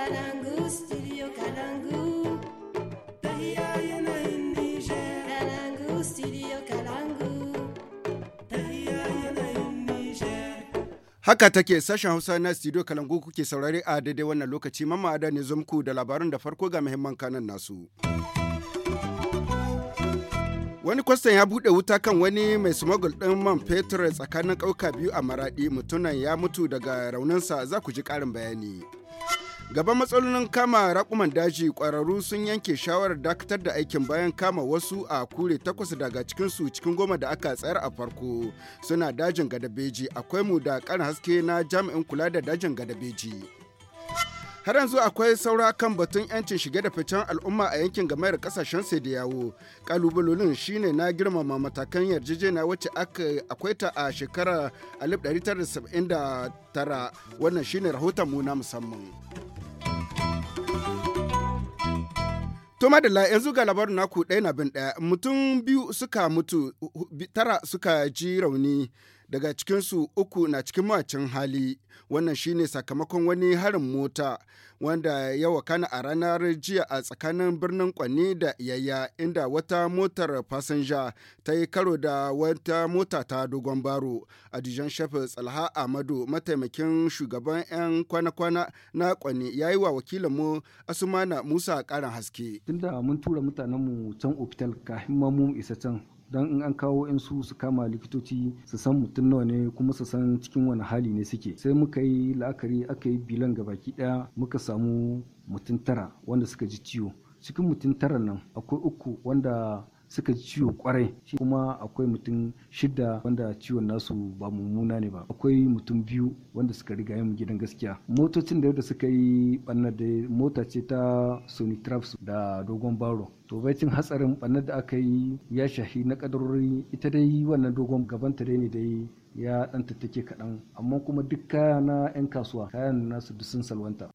Kalangu, Haka take sashen Hausa na studio Kalangu kuke saurari a daidai wannan lokaci mamma ada ne zumku da labarin da farko ga muhimman kanan nasu. wani kwastan ya buɗe wuta kan wani mai smuggle ɗin man fetur tsakanin ƙauka biyu a maraɗi mutunan ya mutu daga rauninsa za ku ji ƙarin bayani Gaban matsalolin kama rakuman daji kwararru sun yanke shawarar dakatar da aikin bayan kama wasu a kure takwas daga cikinsu cikin goma da aka tsayar a farko suna dajin gada beji akwai mu da ƙarin haske na jami'in kula da dajin gada beji. har yanzu akwai saura kan batun 'yancin shige da ficen al'umma a yankin gamayar kasashen sai da yawo kalubalolin shine na girmama matakan yarjejeniya wacce akwai ta a shekarar 1979 wannan shine rahoton mu na musamman To madalla yanzu ga labarin naku ɗaya na bin ɗaya mutum biyu suka mutu tara suka ji rauni daga cikinsu uku na cikin macin hali wannan shine sakamakon wani harin mota wanda ya wakana a ranar jiya a tsakanin birnin kwanni da yayya inda wata motar fasinja ta yi karo da wata mota ta dogon baro a dijon shafi tsalha amadu mataimakin shugaban 'yan kwana-kwana na kwanne ya yi wa wakilinmu asumana musa karin haske tunda mun tura mutanenmu can ofital kafin ma mu isa can don in an kawo in su su kama likitoci su san mutum nawa ne kuma su san cikin wani hali ne suke sai muka yi la'akari aka yi bilan baki daya muka samu mutum tara wanda suka ji ciwo cikin mutum tara nan akwai uku wanda suka ciwo kwarai shi kuma akwai mutum shida wanda ciwon nasu ba mummuna ne ba akwai mutum biyu wanda suka riga yin gidan gaskiya motocin da yadda suka yi bannar da mota ce ta sony traps da dogon baro to hatsarin bannar da aka yi ya shahi na kadarori ita dai wannan dogon gabanta dai ne dai ya dan take kaɗan amma kuma duk kaya na 'yan kasuwa kayan nasu da sun salwanta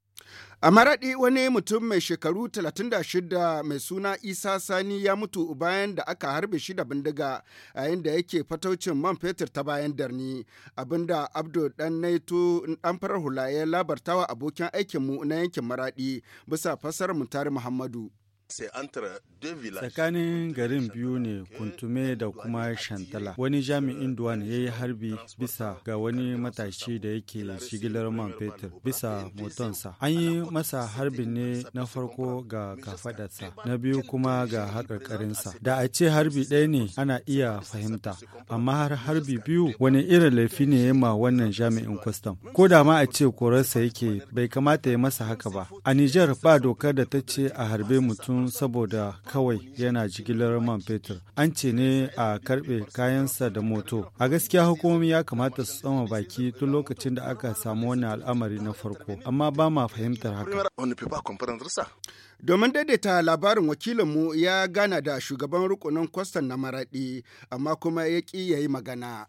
A maraɗi wani mutum mai shekaru 36 mai suna Isa Sani ya mutu bayan da aka harbe shi da bindiga a da yake fataucin man fetur ta bayan darni. Abinda Abdu Dan Naito dan farar hula ya wa abokin aikinmu na yankin maraɗi bisa fasar Mutari Muhammadu. Tsakanin garin biyu ne kuntume da kuma shantala. Wani jami'in duwan ya yi harbi bisa ga wani matashi da yake shigilar man fetur bisa motonsa. An yi masa harbin ne na farko ga kafadarsa, na biyu kuma ga haƙarƙarinsa. Da a ce harbi ɗaya ne ana iya fahimta, amma har harbi biyu wani irin laifi ne ya ma wannan jami'in kwastam. Ko da ma a ce korarsa yake bai kamata ya masa haka ba. A Nijar ba dokar da ta ce a harbe mutum tun saboda kawai yana jigilar man fetur. An ce ne a karɓe kayansa da moto. A gaskiya hukumomi ya kamata su tsoma baki tun lokacin da aka samu wannan al'amari na farko. Amma ba ma fahimtar haka. Domin daidaita labarin wakilinmu ya gana da shugaban rukunin kwastan na maraɗi, amma kuma ya ƙi ya yi magana.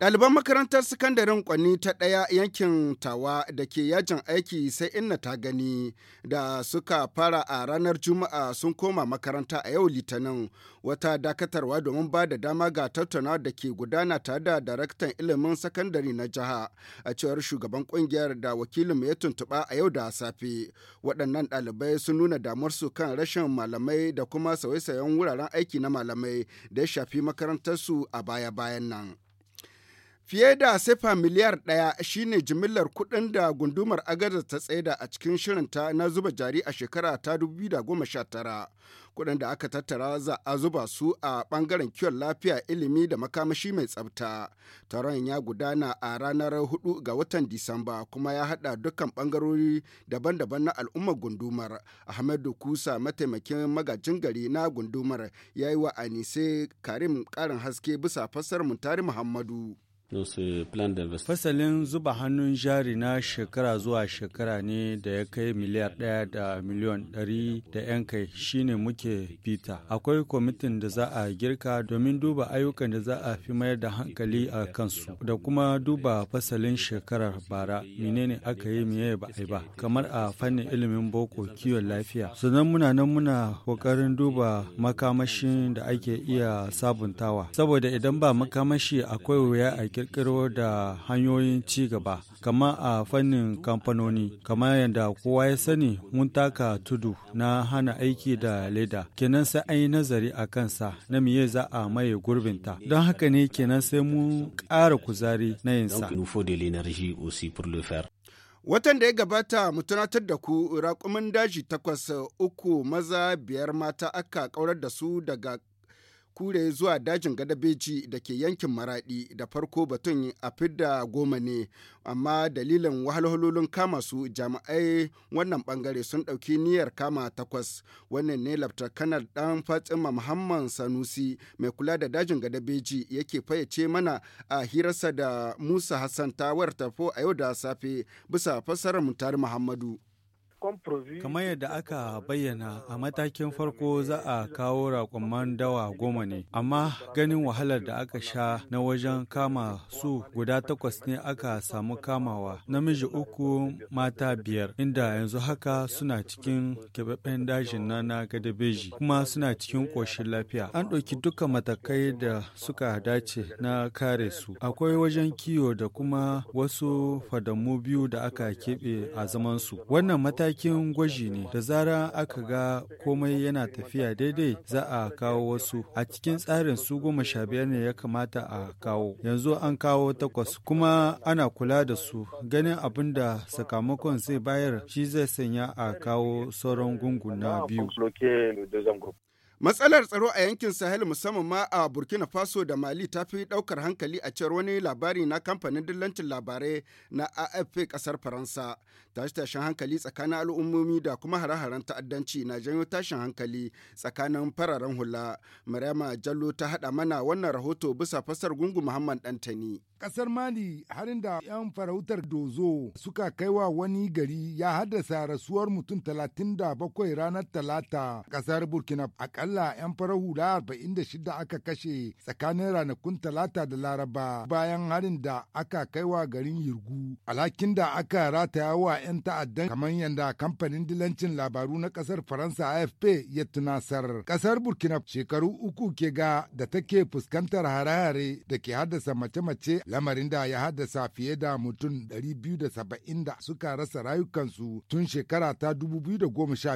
Ɗaliban makarantar sakandaren Kwani ta ɗaya yankin Tawa da ke yajin aiki sai inna ta gani da suka fara a ranar Juma'a sun koma makaranta a yau Litinin wata dakatarwa domin ba da dama ga tattauna da ke gudana tare da daraktan ilimin sakandare na jiha a cewar shugaban kungiyar da wakilin ya tuntuɓa a yau da safe. Waɗannan ɗalibai sun nuna damar su kan rashin malamai da kuma sauye sauyen wuraren aiki na malamai da ya shafi makarantarsu a baya-bayan nan. Fiye da sefa miliyar ɗaya shine jimillar kuɗin da gundumar agaza ta tsaida a cikin shirinta na zuba jari a shekara ta 2019. Kuɗin da aka tattara za a zuba su a ɓangaren kiwon lafiya ilimi da makamashi mai tsabta Taron ya gudana a ranar 4 ga watan Disamba kuma ya haɗa dukkan ɓangarori daban-daban na al'ummar gundumar. Ahmadu Kusa mataimakin magajin gari na gundumar ya yi wa Anise Karim ƙarin haske bisa fassarar Muntari Muhammadu. Fasalin zuba hannun jari na shekara zuwa shekara ne da ya kai miliyar ɗaya da miliyon ɗari da 'yan kai shine muke bita. Akwai kwamitin da za a girka domin duba ayyukan da za a fi mayar da hankali a kansu da kuma duba fasalin shekarar bara menene aka yi miye ba a ba kamar a fannin ilimin boko kiwon lafiya. Sannan muna nan muna kokarin duba makamashin da ake iya sabuntawa saboda idan ba makamashi akwai wuya a kirkiro da hanyoyin ci gaba, kama a fannin kamfanoni, kamar yadda kowa ya sani mun taka tudu na hana aiki da leda, kenan sai an yi nazari a kansa na miye za a maye gurbinta. Don haka ne kenan sai mun ƙara kuzari na yinsa. Watan da ya gabata mu tunatar da ku raƙumin daji takwas uku maza biyar mata aka kaurar da su daga kure zuwa dajin gadabeji da ke yankin maradi da farko batun a fidda goma ne amma dalilin wahalhalolin kama su jami'ai wannan bangare sun ɗauki niyyar kama takwas wannan ne laftar kanar dan fatima muhammad sanusi mai kula da dajin gadabeji yake fayyace mana a hirarsa da musa hassan tawar tafo a yau da safe bisa fassarar mutari muhammadu Kamar yadda aka bayyana a matakin farko za a kawo raƙumman dawa goma ne, amma ganin wahalar da aka sha na wajen kama su guda takwas ne aka samu kamawa, namiji uku mata biyar, inda yanzu haka suna cikin keɓaɓɓen dajin na na gadabeji kuma suna cikin ƙoshin lafiya. An ɗauki duka matakai da suka dace na kare su. Akwai wajen kiwo da kuma wasu fadamu biyu da aka keɓe a zamansu. Wannan mata matakin gwaji ne da zara aka ga komai yana tafiya daidai za a kawo wasu a cikin tsarin su goma sha biyar ne ya kamata a kawo yanzu an kawo takwas kuma ana kula da su ganin abin da sakamakon zai bayar shi zai sanya a kawo sauran gungun na biyu Matsalar tsaro a yankin Sahel musamman ma a Burkina Faso da Mali ta fi ɗaukar hankali a cewar wani labari na kamfanin dillancin labarai na AFP kasar Faransa. Tashe-tashen hankali tsakanin al'ummomi da kuma hare-haren ta'addanci na janyo tashin hankali tsakanin fararen hula. Maryama Jallo ta haɗa mana wannan rahoto bisa fasar Gungu Muhammad Dantani. Ƙasar Mali harin da 'yan farautar dozo suka kai wa wani gari ya haddasa rasuwar mutum talatin da bakwai ranar Talata. kasar Burkina akalla 'yan farar hula shida aka kashe tsakanin ranakun talata da laraba bayan harin da aka kaiwa garin yirgu alhakin da aka rataya wa 'yan ta'addan kamar yadda kamfanin dilancin labaru na kasar faransa afp ya tunasar kasar burkina shekaru uku ke ga da take fuskantar hare-hare da ke haddasa mace-mace lamarin da ya haddasa fiye da mutum 270 da suka rasa rayukansu tun shekara ta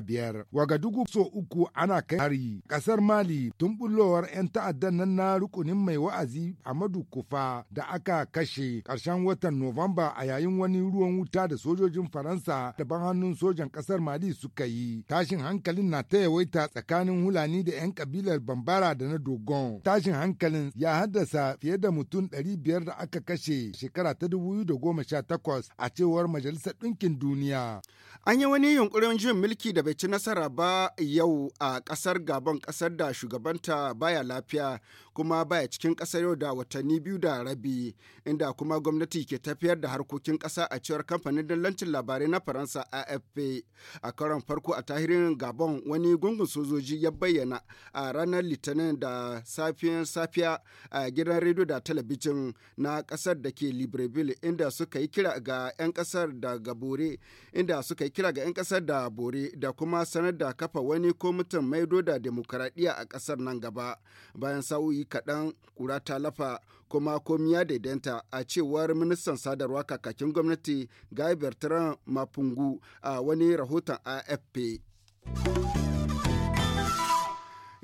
biyar. wagadugu so uku ana kai hari Ƙasar Mali tun bullowar 'yan ta'addan nan na rukunin mai wa'azi Amadu Kufa da aka kashe Karshen watan Nuwamba a yayin wani ruwan wuta da sojojin Faransa da ban hannun sojan ƙasar Mali suka yi. Tashin hankalin na ta yawaita tsakanin Hulani da 'yan kabilar Bambara da na Dogon. Tashin hankalin ya haddasa fiye da mutum biyar da aka kashe shekara ta da goma sha takwas a cewar Majalisar Ɗinkin Duniya. An yi wani yunkurin jin mulki da bai ci nasara ba yau a ƙasar Gabon zaben kasar da shugabanta baya lafiya kuma baya cikin ƙasar yau da watanni biyu da rabi inda kuma gwamnati ke tafiyar da harkokin ƙasa a cewar kamfanin dallancin labarai na faransa afp a karon farko a tahirin gabon wani gungun sojoji ya bayyana a ranar litinin da safiyan safiya a gidan rediyo da talabijin na ƙasar da ke libreville inda suka yi kira ga 'yan ƙasar da gabore inda suka yi kira ga 'yan ƙasar da bore da kuma sanar da kafa wani komitin maido da demokaradiyya a ƙasar nan gaba bayan sa'o'i kaɗan kura ta lafa kuma ya daidaita a cewar ministan sadarwa kakakin gwamnati guy bertrand mapungu a wani rahoton afp.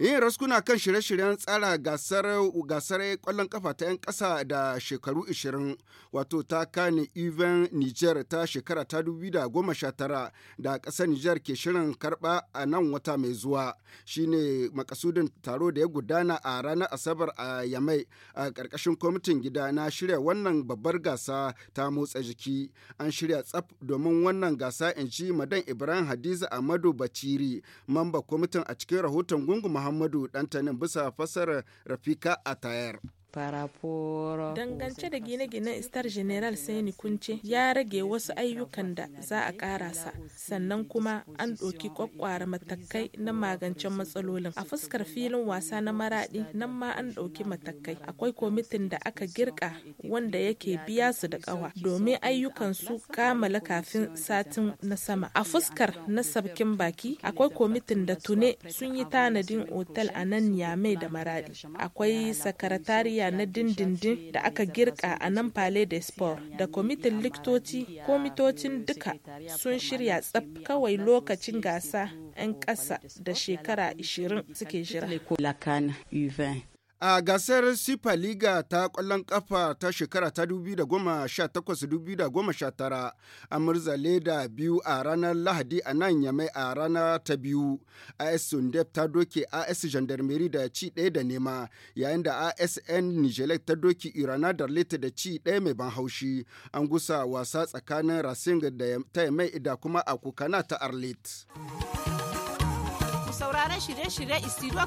Eh raskuna kan shirye-shiryen tsara gasar gasar kwallon kafa ta 'yan kasa da shekaru 20 wato ta kane even Niger ta shekara ta 2019 da ƙasar Niger ke shirin karba a nan wata mai zuwa shine makasudin taro da ya gudana a ranar Asabar a Yamai a karkashin kwamitin gida na shirya wannan babbar gasa ta motsa jiki an shirya tsaf domin wannan gasa in ji Madan Ibrahim Hadiza Amadu Baciri mamba kwamitin a cikin rahoton gungun Muhammadu Dantanin bisa fassarar Rafika Atayar. Dangance da gine-ginen Star General ni Kunce ya rage wasu ayyukan da za a sa, sannan kuma an ɗoki kwakwara matakai na magancen matsalolin. A fuskar filin wasa na maraɗi nan ma an ɗauki matakai. Akwai kwamitin da aka girka wanda yake biya su da ƙawa domin ayyukan su kamala kafin satin na sama. A fuskar na sabkin baki akwai kwamitin da tune sun yi tanadin otal a nan Niamey da maraɗi. Akwai sakaratari tarayya na dindindin da aka girka a nan pale de Sport da kwamitin liktoci komitocin duka sun shirya tsab kawai lokacin gasa 'yan ƙasa da shekara 20 suke jira. A gasar Super Liga ta kwallon kafa ta shekara ta 2018-2019 a murzale da biyu a ranar Lahadi a nan Yamai a rana ta biyu. AS Sundep ta doke AS Gendarmerie da ci ɗaya da nema, yayin da ASN Nijelek ta doke Irana da Leta da ci ɗaya mai ban haushi. An gusa wasa tsakanin Racing da ta mai da kuma Akukana ta Arlit. saurare shirye-shirye Istiro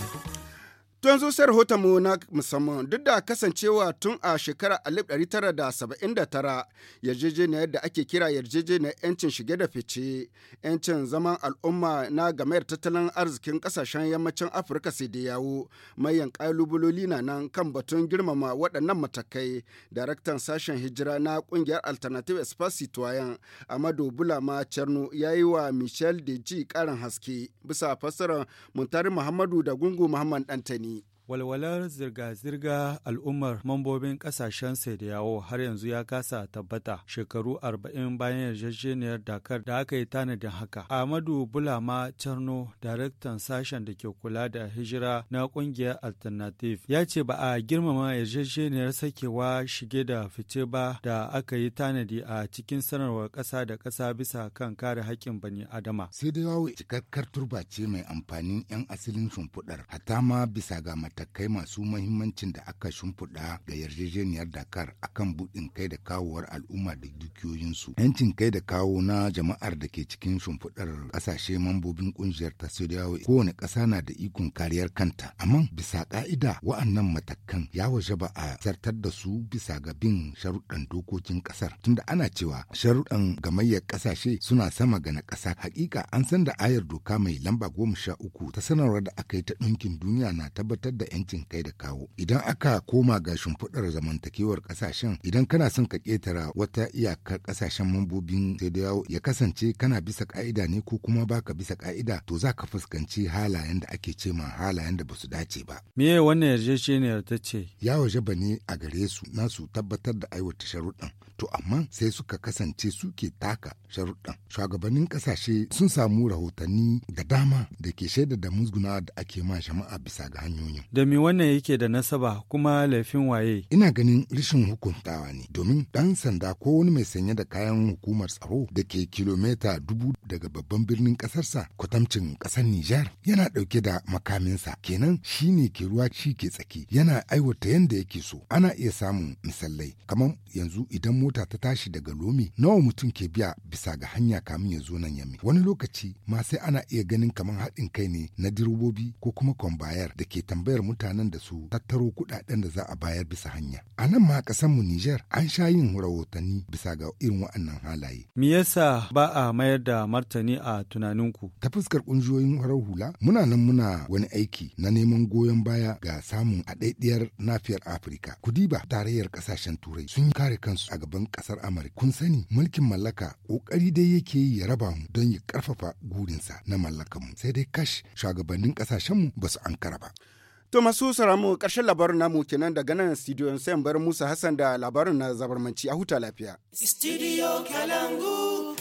Tun zo sai mu na musamman duk da kasancewa tun a shekarar 1979 yarjejeniyar da ake kira yarjejeniyar 'yancin shige da fice, 'yancin zaman al'umma na gamayar tattalin arzikin kasashen yammacin Afirka sai da yawo, mayan kalubaloli na nan kan batun girmama waɗannan matakai. Daraktan sashen hijira na ƙungiyar Alternative Espace Citoyen Amadu Bulama Cerno ya yi wa Michel Deji karin haske bisa fassarar Muntari Muhammadu da Gungu Muhammad Dantani. walwalar zirga-zirga al'ummar mambobin kasashen yawo har yanzu ya kasa tabbata shekaru arba'in bayan yarjejeniyar dakar da aka yi tanadin haka ahmadu bulama charno daraktan sashen da ke kula da hijira na kungiyar alternative ya ce ba a girmama yarjejeniyar sakewa shige da fice ba da aka yi tanadi a cikin sanarwar ƙasa da ƙasa bisa kan kare haƙƙin bani adama sai da yawo cikakkar turba ce mai amfanin 'yan asalin shimfiɗar hatta ma bisa ga mata matakai masu mahimmancin da aka shimfiɗa ga yarjejeniyar Dakar akan buɗin kai da kawowar al'umma da dukiyoyinsu. Yancin kai da kawo na jama'ar da ke cikin shimfiɗar ƙasashe mambobin ƙungiyar ta kowane ƙasa na da ikon kariyar kanta. Amma bisa ƙa'ida wa'annan matakan ya waje ba a zartar da su bisa ga bin sharuɗan dokokin ƙasar. Tunda ana cewa sharuɗan gamayyar ƙasashe suna sama ga na ƙasa. Hakika an san da ayar doka mai lamba goma sha uku ta sanarwar da aka yi ta ɗinkin duniya na tabbatar da 'yancin kai da kawo. Idan aka koma ga shimfiɗar zamantakewar ƙasashen idan kana son ka ƙetara wata iyakar ƙasashen mambobin sai da ya kasance kana bisa ƙa'ida ne ko kuma baka bisa ƙa'ida to za ka fuskanci halayen da ake ce ma halayen da basu dace ba. Meye wannan yarjejeniyar ta ce? Ya waje ba ne a gare su nasu tabbatar da aiwata sharuɗan to amma sai suka kasance suke taka sharuɗan. Shugabannin ƙasashe sun samu rahotanni da dama da ke shaida da musguna da ake ma jama'a bisa ga hanyoyin. Da me wannan yake da nasaba kuma laifin waye? Ina ganin rishin hukuntawa ne domin ɗan sanda ko wani mai sanye da kayan hukumar tsaro da ke kilomita dubu daga babban birnin ƙasarsa kwatamcin ƙasar Nijar yana ɗauke da makaminsa kenan shi ne ke ruwa shi ke tsaki yana aiwata yadda yake so ana iya samun misalai kamar yanzu idan mota ta tashi daga Lomi nawa mutum ke biya bisa ga hanya kamun ya zo nan Yamai. Wani lokaci ma sai ana iya ganin kamar haɗin kai ne na direbobi ko kuma kwambayar da ke tambayar mutanen da su tattaro kuɗaɗen da za a bayar bisa hanya. A nan ma mu Nijar an sha yin rahotanni bisa ga irin waɗannan halaye. Me yasa ba a mayar da martani a tunaninku? Ta fuskar ƙungiyoyin farar hula muna nan muna wani aiki na neman goyon baya ga samun a ɗaiɗiyar nafiyar Afirka. ba tarayyar ƙasashen Turai sun kare kansu a gaban shugaban kasar amurka kun sani mulkin mallaka kokari dai yake yi ya raba mu don ya karfafa gurinsa na mallaka mu sai dai kash shugabannin kasashen mu ba su ankara ba to masu mu karshen labarin namu kenan daga nan studio sai bar musa hassan da labarin na zabarmanci a huta lafiya studio kalangu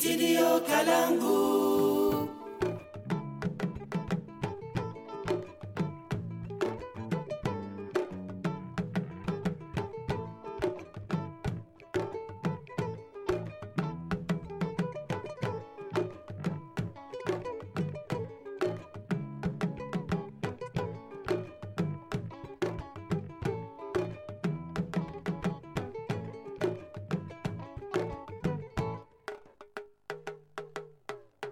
Studio Kalangu.